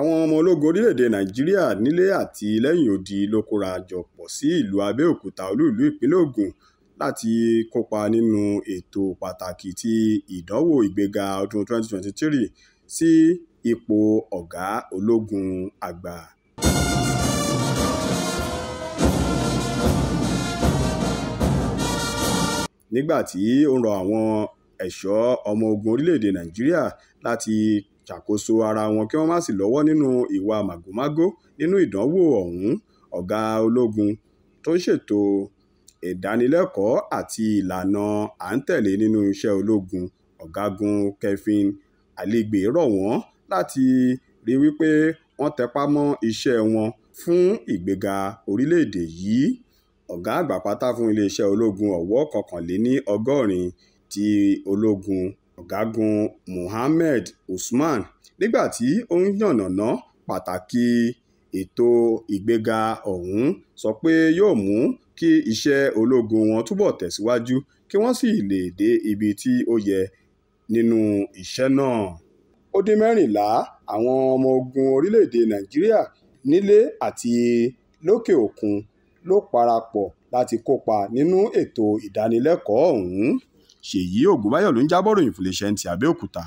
àwọn ọmọ ológun orílẹ̀‐èdè nàíjíríà nílé àti lẹ́yìn odi ló kóra jọ pọ̀ sí ìlú abẹ́òkúta olú-ìlú ìpínlẹ̀ ogun láti kópa nínú ètò pàtàkì ti ìdánwò ìgbéga ọdún 2023 sí ipò ọ̀gá ológun àgbà nígbà tí ó ń rọ àwọn ẹ̀ṣọ́ ọmọ ogun orílẹ̀‐èdè nàíjíríà láti ṣàkóso ara wọn kí wọ́n má sì lọ́wọ́ nínú ìwà màgòmágó nínú ìdánwò ọ̀hún ọ̀gá ológun tó ṣètò ìdánilẹ́kọ̀ọ́ àti ìlànà à ń tẹ̀lé nínú iṣẹ́ ológun ọ̀gágun kevin aligbe rọ̀ wọ́n láti rí wípé wọ́n tẹpá mọ́ iṣẹ́ wọn fún ìgbéga orílẹ̀-èdè yìí ọ̀gá àgbà pátá fún iléeṣẹ́ ológun ọ̀wọ́ kọkànléní ọgọ́rin ti ológun ọ̀gágun mohammed usman nígbà tí ó ń yànnàná pàtàkì ètò ìgbéga ọ̀hún sọ pé yóò mú kí iṣẹ́ ológun wọn túbọ̀ tẹ̀síwájú kí wọ́n sì lè dé ibi tí ó yẹ nínú iṣẹ́ náà. ó dín mẹ́rìnlá àwọn ọmọ ogun orílẹ̀-èdè nàìjíríà nílé àti lókè òkun ló parapọ̀ láti kópa nínú ètò ìdánilẹ́kọ̀ọ́ ọ̀hún ṣèyí ògùnbáyọ̀ ló ń jábọ̀ ròyìn fún iléeṣẹ́ ntí abẹ́òkúta